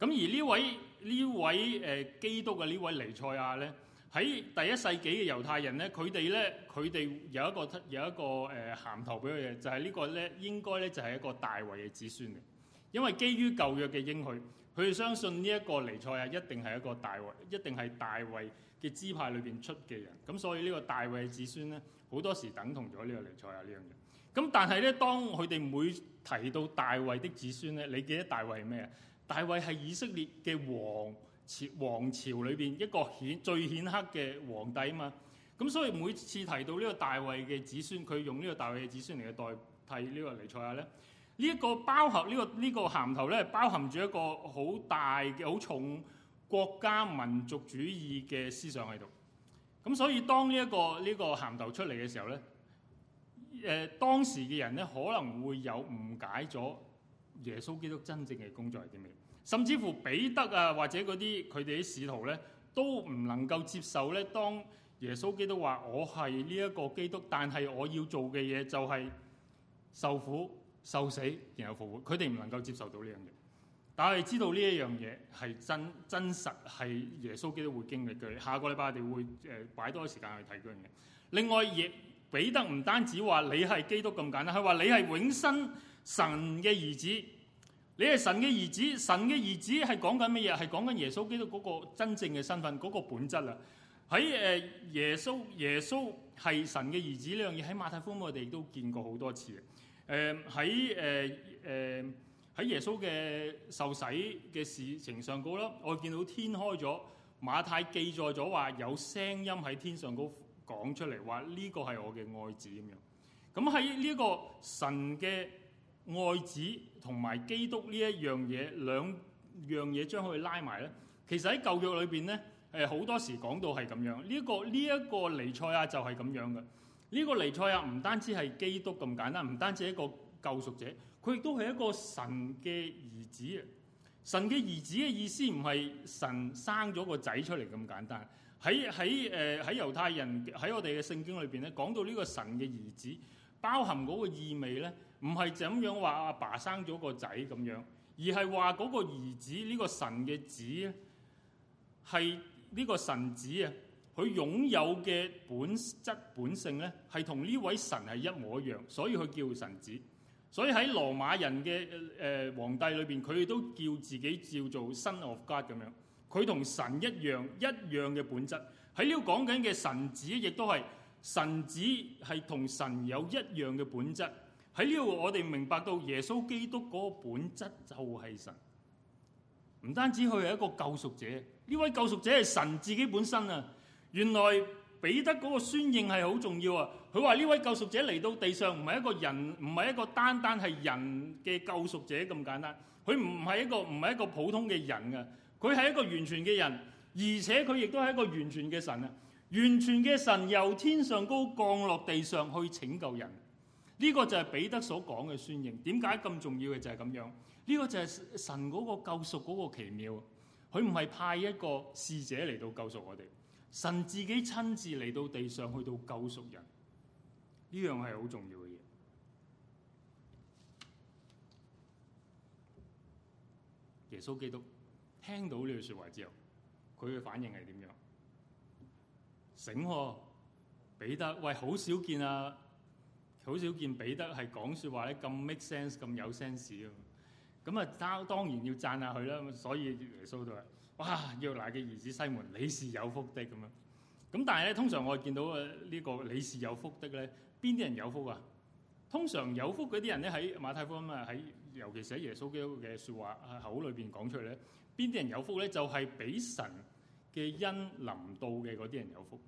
咁而呢位呢位誒基督嘅呢位尼賽亞咧，喺第一世紀嘅猶太人咧，佢哋咧佢哋有一個有一個誒銜、呃、頭畀佢嘅就係呢個咧應該咧就係一個大衞嘅子孫嚟。因為基於舊約嘅應許，佢哋相信呢一個尼賽亞一定係一個大衞，一定係大衞嘅支派裏邊出嘅人。咁所以呢個大衞嘅子孫呢，好多時等同咗呢個尼賽亞呢樣嘢。咁但係呢，當佢哋每提到大衞的子孫呢，你記得大衞係咩？大衞係以色列嘅王朝，王朝皇朝裏邊一個顯最顯赫嘅皇帝啊嘛。咁所以每次提到呢個大衞嘅子孫，佢用呢個大衞嘅子孫嚟去代替呢個尼賽亞呢。呢、這、一個包含、這個這個、涵呢個呢個銜頭咧，包含住一個好大嘅好重國家民族主義嘅思想喺度。咁所以當呢、這、一個呢、這個銜頭出嚟嘅時候咧，誒、呃、當時嘅人咧可能會有誤解咗耶穌基督真正嘅工作係點樣。甚至乎彼得啊或者嗰啲佢哋啲使徒咧都唔能夠接受咧，當耶穌基督話我係呢一個基督，但係我要做嘅嘢就係受苦。受死然後復活，佢哋唔能夠接受到呢樣嘢，但係知道呢一樣嘢係真真實係耶穌基督會經歷嘅。下個禮拜我哋會誒、呃、擺多時間去睇嗰樣嘢。另外，亦彼得唔單止話你係基督咁簡單，佢話你係永生神嘅兒子，你係神嘅兒子，神嘅兒子係講緊乜嘢？係講緊耶穌基督嗰個真正嘅身份嗰、嗰個本質啦。喺誒、呃、耶穌耶穌係神嘅兒子呢樣嘢喺馬太福音我哋都見過好多次。誒喺誒誒喺耶穌嘅受洗嘅事情上高啦，我見到天開咗，馬太記載咗話有聲音喺天上高講出嚟，話呢個係我嘅愛子咁樣。咁喺呢一個神嘅愛子同埋基督呢一樣嘢，兩樣嘢將佢拉埋咧。其實喺舊約裏邊咧，誒好多時講到係咁樣。呢一個呢一個彌賽亞就係咁樣嘅。呢個尼賽亞，唔單止係基督咁簡單，唔單止係一個救贖者，佢亦都係一個神嘅兒子啊！神嘅兒子嘅意思唔係神生咗個仔出嚟咁簡單。喺喺誒喺猶太人喺我哋嘅聖經裏邊咧，講到呢個神嘅兒子，包含嗰個意味咧，唔係就咁樣話阿爸生咗個仔咁樣，而係話嗰個兒子呢個神嘅子，係呢個神子啊！佢擁有嘅本質本性呢，係同呢位神係一模一樣，所以佢叫神子。所以喺羅馬人嘅誒、呃、皇帝裏邊，佢哋都叫自己叫做 son of god 咁樣。佢同神一樣一樣嘅本質。喺呢度講緊嘅神子，亦都係神子係同神有一樣嘅本質。喺呢度，我哋明白到耶穌基督嗰個本質就係神。唔單止佢係一個救贖者，呢位救贖者係神自己本身啊！原來彼得嗰個宣認係好重要啊！佢話呢位救贖者嚟到地上唔係一個人，唔係一個單單係人嘅救贖者咁簡單。佢唔係一個唔係一個普通嘅人啊，佢係一個完全嘅人，而且佢亦都係一個完全嘅神啊！完全嘅神由天上高降落地上去拯救人，呢個就係彼得所講嘅宣認。點解咁重要嘅就係咁樣？呢個就係神嗰個救贖嗰個奇妙。佢唔係派一個使者嚟到救贖我哋。神自己親自嚟到地上去到救贖人，呢樣係好重要嘅嘢。耶穌基督聽到呢句説話之後，佢嘅反應係點樣？醒喎、啊，彼得，喂，好少見啊，好少見彼得係講説話咧咁 make sense 咁有 sense 啊！咁啊，他當然要讚下佢啦，所以耶穌都係。哇！約拿嘅兒子西門，你是有福的咁樣。咁但係咧，通常我見到誒呢個你是有福的咧，邊啲人有福啊？通常有福嗰啲人咧，喺馬太福音啊，喺尤其是喺耶穌基督嘅説話口裏邊講出嚟咧，邊啲人有福咧？就係、是、俾神嘅恩臨到嘅嗰啲人有福。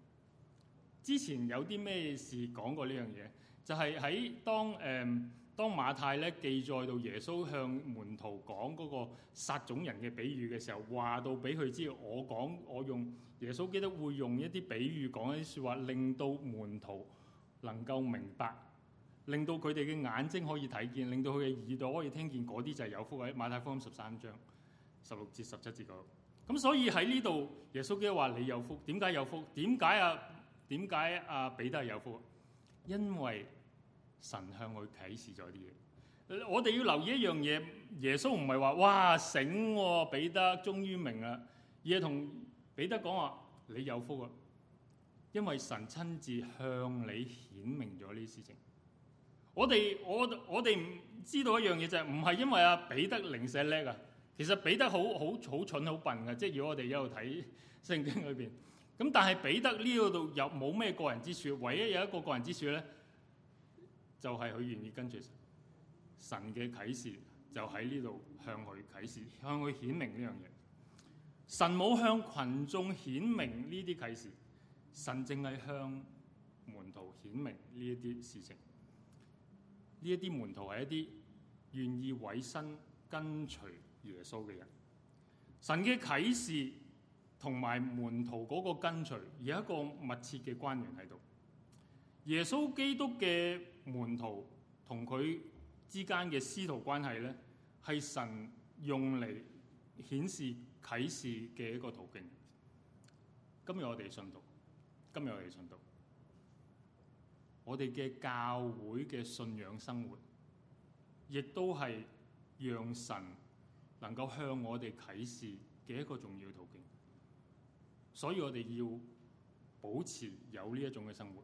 之前有啲咩事講過呢樣嘢？就係、是、喺當誒。嗯當馬太咧記載到耶穌向門徒講嗰個撒種人嘅比喻嘅時候，話到俾佢知，我講我用耶穌基督會用一啲比喻講一啲説話，令到門徒能夠明白，令到佢哋嘅眼睛可以睇見，令到佢嘅耳朵可以聽見，嗰啲就係有福喎。馬太福音十三章十六至十七節嗰度。咁所以喺呢度，耶穌基督話你有福，點解有福？點解啊？點解啊，啊？彼得係有福？因為。神向佢啟示咗啲嘢，我哋要留意一樣嘢。耶穌唔係話：，哇醒、啊，彼得終於明啦！而係同彼得講話：，你有福啊，因為神親自向你顯明咗呢啲事情。我哋我我哋唔知道一樣嘢就係唔係因為阿彼得零舍叻啊？其實彼得好好好蠢好笨噶，即係如果我哋一路睇聖經裏邊，咁但係彼得呢度又冇咩個人之處，唯一有一個個人之處咧。就係、是、佢願意跟隨神，神嘅啟示，就喺呢度向佢啟示，向佢顯明呢樣嘢。神冇向群眾顯明呢啲啟示，神淨係向門徒顯明呢一啲事情。呢一啲門徒係一啲願意委身跟隨耶穌嘅人。神嘅啟示同埋門徒嗰個跟隨有一個密切嘅關聯喺度。耶穌基督嘅。門徒同佢之間嘅師徒關係咧，係神用嚟顯示啟示嘅一個途徑。今日我哋信徒，今日我哋信徒，我哋嘅教會嘅信仰生活，亦都係讓神能夠向我哋啟示嘅一個重要途徑。所以我哋要保持有呢一種嘅生活。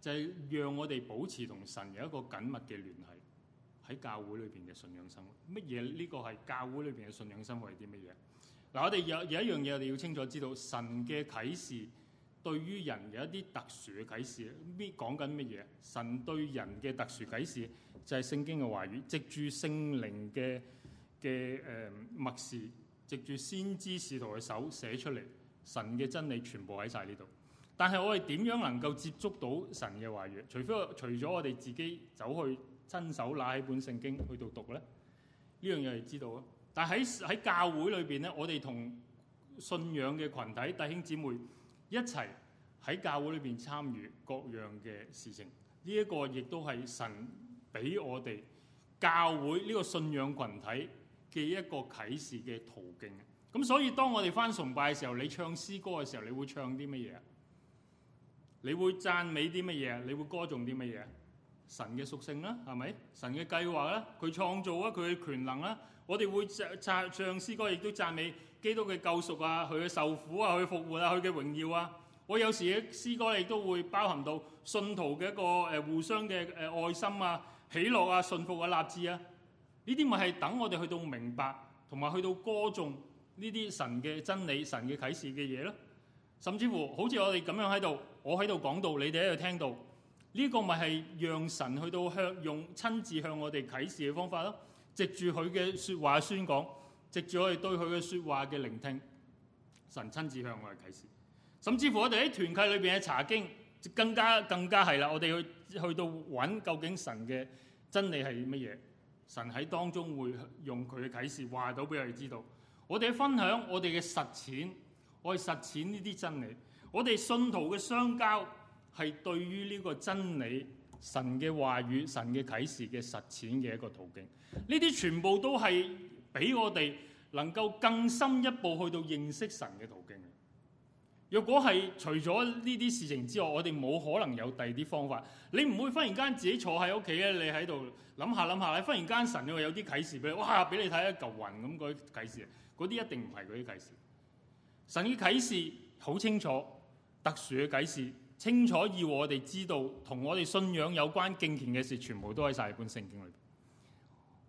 就係、是、讓我哋保持同神有一個緊密嘅聯繫，喺教會裏邊嘅信仰生活。乜嘢呢個係教會裏邊嘅信仰生活係啲乜嘢？嗱，我哋有有一樣嘢我哋要清楚知道，神嘅啟示對於人有一啲特殊嘅啟示。咩講緊乜嘢？神對人嘅特殊啟示就係聖經嘅話語，藉住聖靈嘅嘅誒默示，藉住先知使徒嘅手寫出嚟，神嘅真理全部喺晒呢度。但係，我哋點樣能夠接觸到神嘅話語？除非除我除咗我哋自己走去親手拿起本聖經去度讀咧，呢樣嘢係知道咯。但係喺教會裏邊咧，我哋同信仰嘅群體弟兄姊妹一齊喺教會裏邊參與各樣嘅事情，呢、這、一個亦都係神俾我哋教會呢個信仰群體嘅一個啟示嘅途徑。咁所以，當我哋返崇拜嘅時候，你唱詩歌嘅時候，你會唱啲乜嘢？你會讚美啲乜嘢？你會歌頌啲乜嘢？神嘅屬性啦，係咪？神嘅計劃啦，佢創造啊，佢嘅權能啦。我哋會唱唱詩歌，亦都讚美基督嘅救贖啊，佢嘅受苦啊，佢嘅復活啊，佢嘅榮耀啊。我有時嘅詩歌亦都會包含到信徒嘅一個誒互相嘅誒愛心啊、喜樂啊、信服啊、立志啊。呢啲咪係等我哋去到明白同埋去到歌頌呢啲神嘅真理、神嘅啟示嘅嘢咯。甚至乎好似我哋咁樣喺度。我喺度講到，你哋喺度聽到呢個咪係讓神去到向用親自向我哋啟示嘅方法咯，藉住佢嘅說話宣講，藉住我哋對佢嘅說話嘅聆聽，神親自向我哋啟示。甚至乎我哋喺團契裏邊嘅查經，更加更加係啦，我哋去去到揾，究竟神嘅真理係乜嘢，神喺當中會用佢嘅啟示話到俾我哋知道。我哋分享我哋嘅實踐，我哋實踐呢啲真理。我哋信徒嘅相交係對於呢個真理、神嘅話語、神嘅啟示嘅實踐嘅一個途徑。呢啲全部都係俾我哋能夠更深一步去到認識神嘅途徑。若果係除咗呢啲事情之外，我哋冇可能有第二啲方法。你唔會忽然間自己坐喺屋企咧，你喺度諗下諗下，你忽然間神嘅有啲啟示俾你，哇！俾你睇一嚿雲咁嗰啲啟示，嗰啲一定唔係嗰啲啟示。神嘅啟示好清楚。特殊嘅啟示，清楚要我哋知道同我哋信仰有關敬虔嘅事，全部都喺曬本聖經裏邊。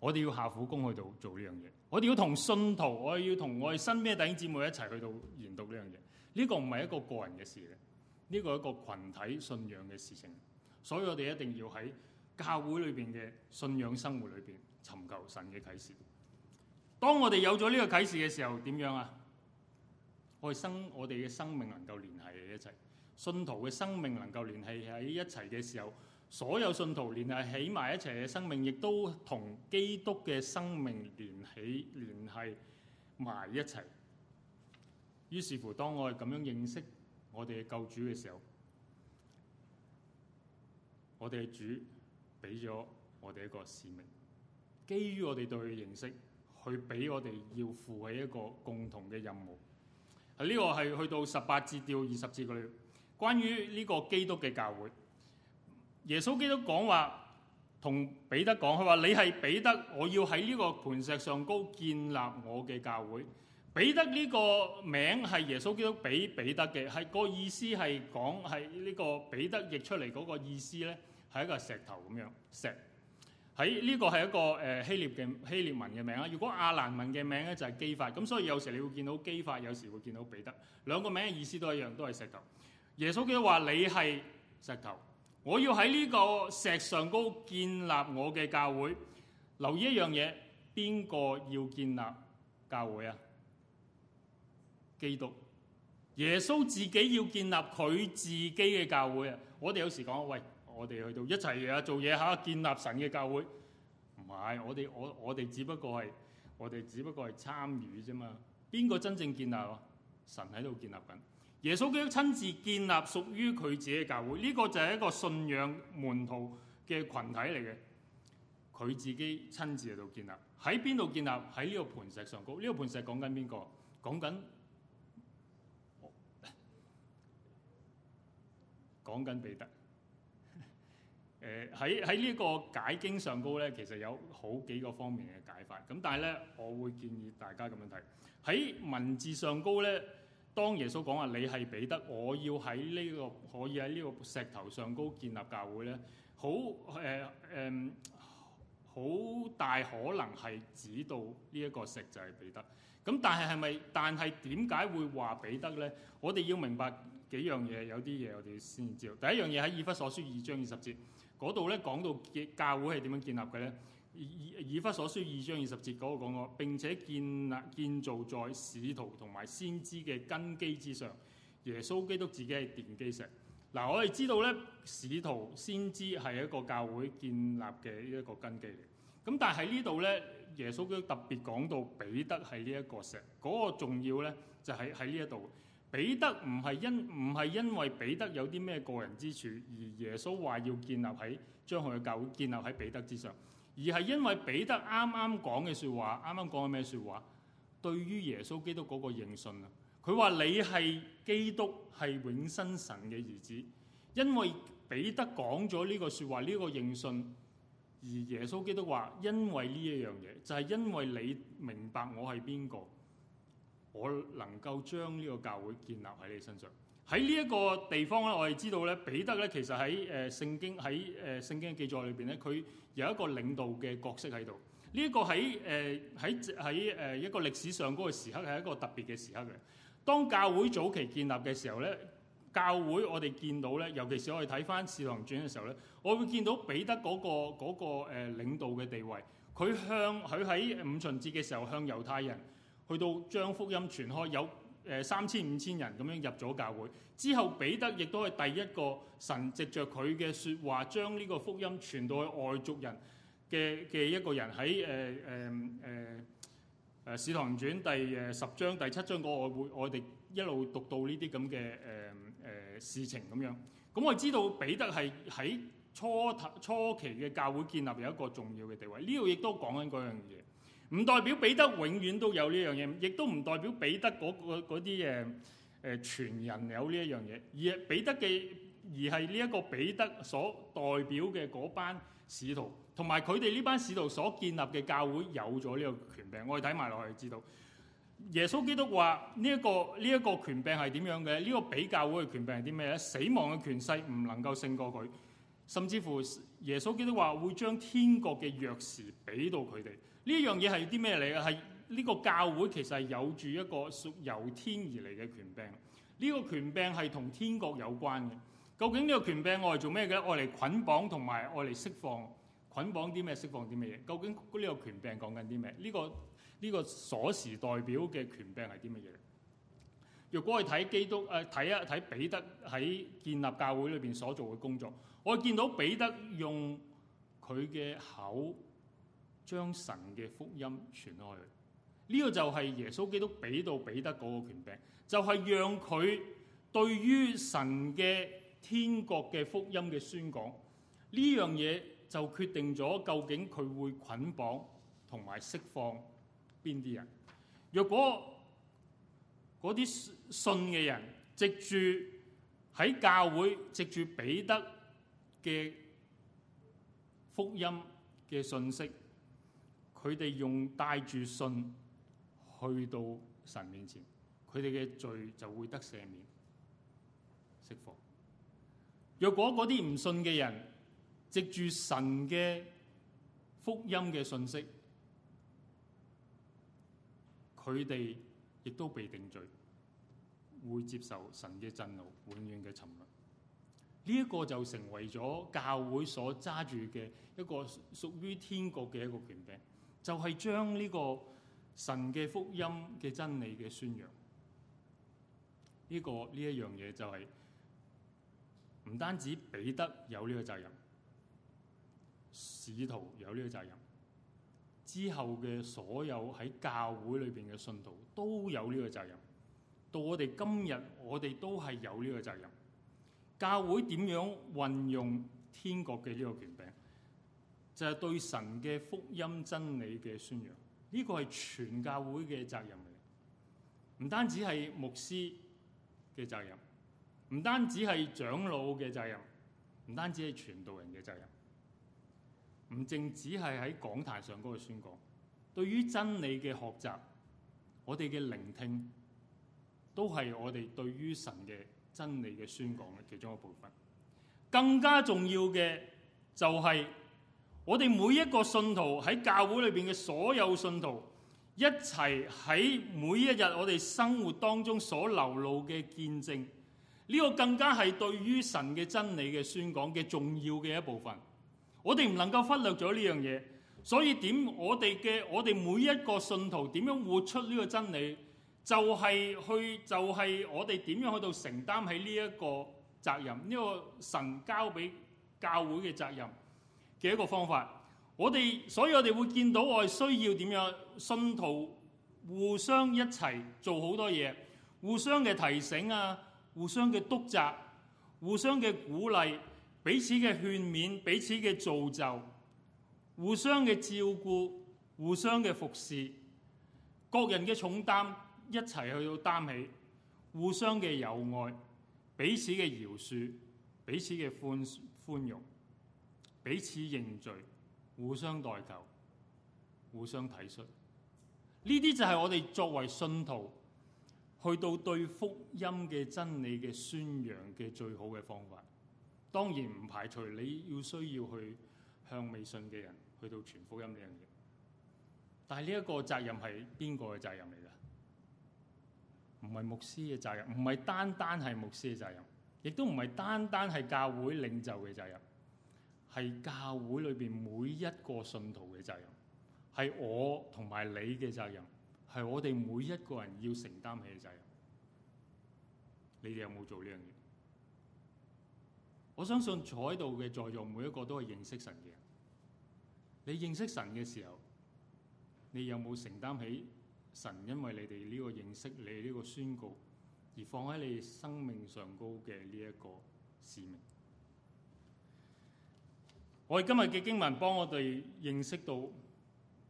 我哋要下苦功去到做呢樣嘢。我哋要同信徒，我哋要同我哋身邊嘅弟兄姊妹一齊去到研讀呢樣嘢。呢個唔係一個個人嘅事嘅，呢個係一個群體信仰嘅事情。所以我哋一定要喺教會裏邊嘅信仰生活裏邊尋求神嘅啟示。當我哋有咗呢個啟示嘅時候，點樣啊？我生我哋嘅生命能夠聯繫喺一齊，信徒嘅生命能夠聯繫喺一齊嘅時候，所有信徒連繫起埋一齊嘅生命，亦都同基督嘅生命連繫聯繫埋一齊。於是乎，當我哋咁樣認識我哋嘅救主嘅時候，我哋嘅主俾咗我哋一個使命，基於我哋對佢嘅認識，去俾我哋要負起一個共同嘅任務。呢、這個係去到十八至到二十節嘅，關於呢個基督嘅教會。耶穌基督講話同彼得講，佢話你係彼得，我要喺呢個磐石上高建立我嘅教會。彼得呢個名係耶穌基督俾彼得嘅，係、這個意思係講係呢個彼得譯出嚟嗰個意思咧，係一個石頭咁樣石。喺、這、呢個係一個誒希臘嘅希臘文嘅名啊，如果阿蘭文嘅名咧就係基法，咁所以有時你會見到基法，有時會見到彼得。兩個名嘅意思都一樣，都係石頭。耶穌基督話：你係石頭，我要喺呢個石上高建立我嘅教會。留意一樣嘢，邊個要建立教會啊？基督。耶穌自己要建立佢自己嘅教會啊！我哋有時講喂。我哋去到一齊啊做嘢吓，建立神嘅教會，唔係我哋我我哋只不過係我哋只不過係參與啫嘛。邊個真正建立啊？神喺度建立緊，耶穌基督親自建立屬於佢自己嘅教會。呢、這個就係一個信仰門徒嘅群體嚟嘅，佢自己親自喺度建立。喺邊度建立？喺呢個磐石上高。呢、這個磐石講緊邊個？講緊、哦，講緊彼得。誒，喺喺呢個解經上高咧，其實有好幾個方面嘅解法。咁但係咧，我會建議大家咁樣睇。喺文字上高咧，當耶穌講話你係彼得，我要喺呢、這個可以喺呢個石頭上高建立教會咧，好誒誒，好、呃嗯、大可能係指到呢一個石就係彼得。咁但係係咪？但係點解會話彼得咧？我哋要明白幾樣嘢，有啲嘢我哋先知道。第一樣嘢喺以弗所書二章二十節。嗰度咧講到教會係點樣建立嘅咧？以以以弗所書二章二十節嗰個講過，並且建立建造在使徒同埋先知嘅根基之上。耶穌基督自己係奠基石。嗱、啊，我哋知道咧，使徒、先知係一個教會建立嘅一個根基嚟。咁但係喺呢度咧，耶穌基督特別講到彼得係呢一個石，嗰、那個重要咧就喺喺呢一度。彼得唔係因唔係因為彼得有啲咩個人之處，而耶穌話要建立喺將佢嘅教會建立喺彼得之上，而係因為彼得啱啱講嘅説話，啱啱講嘅咩説話？對於耶穌基督嗰個認信啊，佢話你係基督係永生神嘅兒子，因為彼得講咗呢個説話，呢、這個認信，而耶穌基督話，因為呢一樣嘢，就係、是、因為你明白我係邊個。我能夠將呢個教會建立喺你身上。喺呢一個地方咧，我係知道咧，彼得咧其實喺誒聖經喺誒聖經嘅記載裏邊咧，佢有一個領導嘅角色喺度。呢一個喺誒喺喺誒一個歷史上嗰個時刻係一個特別嘅時刻嘅。當教會早期建立嘅時候咧，教會我哋見到咧，尤其是我哋睇翻《使徒行傳》嘅時候咧，我會見到彼得嗰個嗰個誒領導嘅地位。佢向佢喺五旬節嘅時候向猶太人。去到將福音傳開有誒三千五千人咁樣入咗教會之後，彼得亦都係第一個神藉着佢嘅說話將呢個福音傳到去外族人嘅嘅一個人喺誒誒誒誒，使、呃呃、徒行傳第誒十章第七章嗰個會我哋一路讀到呢啲咁嘅誒誒事情咁樣，咁、嗯、我知道彼得係喺初初期嘅教會建立有一個重要嘅地位。呢度亦都講緊嗰樣嘢。唔代表彼得永遠都有呢樣嘢，亦都唔代表彼得嗰啲誒誒傳人有呢一樣嘢，而彼得嘅而係呢一個彼得所代表嘅嗰班使徒，同埋佢哋呢班使徒所建立嘅教會有咗呢個權柄。我哋睇埋落去知道，耶穌基督話呢一個呢一個權柄係點樣嘅？呢個畀教會嘅權柄係啲咩咧？死亡嘅權勢唔能夠勝過佢，甚至乎耶穌基督話會將天國嘅鑰匙俾到佢哋。呢樣嘢係啲咩嚟嘅？係呢個教會其實係有住一個屬由天而嚟嘅權柄。呢個權柄係同天國有關嘅。究竟呢個權柄我嚟做咩嘅？我嚟捆綁同埋我嚟釋放？捆綁啲咩？釋放啲咩嘢？究竟呢個權柄講緊啲咩？呢個呢個鎖匙代表嘅權柄係啲乜嘢？若果我睇基督誒睇一睇彼得喺建立教會裏邊所做嘅工作，我見到彼得用佢嘅口。將神嘅福音傳開，呢、這個就係耶穌基督俾到彼得嗰個權柄，就係、是、讓佢對於神嘅天國嘅福音嘅宣講，呢樣嘢就決定咗究竟佢會捆綁同埋釋放邊啲人。若果嗰啲信嘅人藉住喺教會藉住彼得嘅福音嘅信息，佢哋用帶住信去到神面前，佢哋嘅罪就會得赦免、釋放。若果嗰啲唔信嘅人藉住神嘅福音嘅信息，佢哋亦都被定罪，會接受神嘅震怒，永遠嘅沉淪。呢一個就成為咗教會所揸住嘅一個屬於天國嘅一個權柄。就係、是、將呢個神嘅福音嘅真理嘅宣揚、這個，呢、這個呢一樣嘢就係唔單止彼得有呢個責任，使徒有呢個責任，之後嘅所有喺教會裏邊嘅信徒都有呢個責任。到我哋今日，我哋都係有呢個責任。教會點樣運用天國嘅呢個權？就係、是、對神嘅福音真理嘅宣揚，呢、這個係全教會嘅責任嚟，唔單止係牧師嘅責任，唔單止係長老嘅責任，唔單止係傳道人嘅責任，唔淨止係喺講台上嗰個宣講。對於真理嘅學習，我哋嘅聆聽都係我哋對於神嘅真理嘅宣講嘅其中一部分。更加重要嘅就係、是。我哋每一個信徒喺教會裏邊嘅所有信徒一齊喺每一日我哋生活當中所流露嘅見證，呢個更加係對於神嘅真理嘅宣講嘅重要嘅一部分。我哋唔能夠忽略咗呢樣嘢，所以點我哋嘅我哋每一個信徒點樣活出呢個真理，就係去就係我哋點樣去到承擔起呢一個責任，呢個神交俾教會嘅責任。嘅一個方法，我哋所以我哋會見到我哋需要點樣信徒互相一齊做好多嘢，互相嘅提醒啊，互相嘅督責，互相嘅鼓勵，彼此嘅勸勉，彼此嘅造就，互相嘅照顧，互相嘅服侍，各人嘅重擔一齊去到擔起，互相嘅友愛，彼此嘅饒恕，彼此嘅寬，彼此嘅寬，寬容，彼此認罪，互相代求，互相體恤，呢啲就係我哋作為信徒去到對福音嘅真理嘅宣揚嘅最好嘅方法。當然唔排除你要需要去向未信嘅人去到傳福音呢樣嘢。但係呢一個責任係邊個嘅責任嚟㗎？唔係牧師嘅責任，唔係單單係牧師嘅責任，亦都唔係單單係教會領袖嘅責任。係教會裏邊每一個信徒嘅責任，係我同埋你嘅責任，係我哋每一個人要承擔起嘅責任。你哋有冇做呢樣嘢？我相信坐喺度嘅在座每一個都係認識神嘅人。你認識神嘅時候，你有冇承擔起神因為你哋呢個認識你呢個宣告而放喺你生命上高嘅呢一個使命？我哋今日嘅經文，幫我哋認識到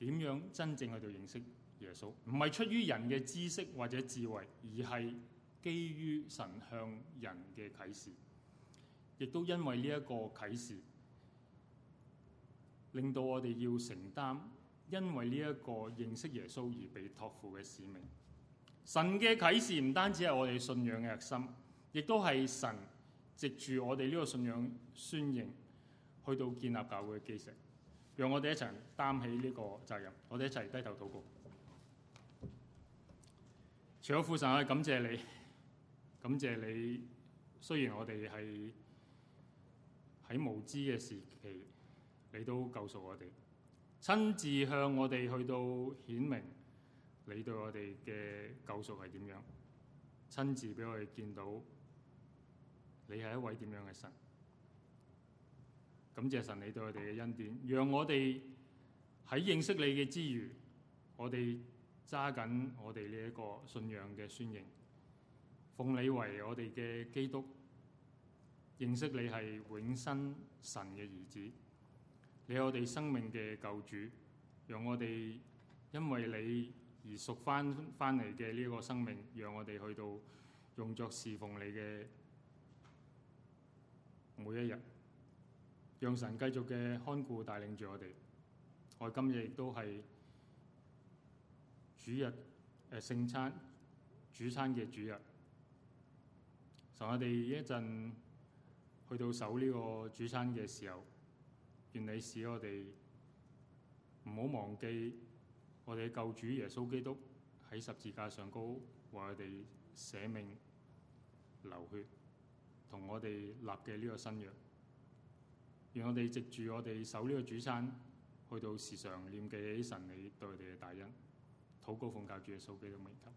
點樣真正喺度認識耶穌，唔係出於人嘅知識或者智慧，而係基於神向人嘅啟示。亦都因為呢一個啟示，令到我哋要承擔因為呢一個認識耶穌而被託付嘅使命。神嘅啟示唔單止係我哋信仰嘅核心，亦都係神藉住我哋呢個信仰宣揚。去到建立教會嘅基石，讓我哋一齊擔起呢個責任，我哋一齊低頭禱告。除咗父神啊，我哋感謝你，感謝你，雖然我哋係喺無知嘅時期，你都救贖我哋，親自向我哋去到顯明你對我哋嘅救贖係點樣，親自俾我哋見到你係一位點樣嘅神。感謝神你對我哋嘅恩典，讓我哋喺認識你嘅之餘，我哋揸緊我哋呢一個信仰嘅宣認，奉你為我哋嘅基督，認識你係永生神嘅兒子，你係我哋生命嘅救主，讓我哋因為你而贖翻翻嚟嘅呢個生命，讓我哋去到用作侍奉你嘅每一日。讓神繼續嘅看顧帶領住我哋，我今日亦都係主日聖餐主餐嘅主日，神、呃、我哋一陣去到守呢個主餐嘅時候，願你使我哋唔好忘記我哋救主耶穌基督喺十字架上高為我哋捨命流血，同我哋立嘅呢個新約。讓我哋藉住我哋守呢個主餐，去到時常念記起神裏對我哋嘅大恩，禱告奉教主嘅數給都沒談。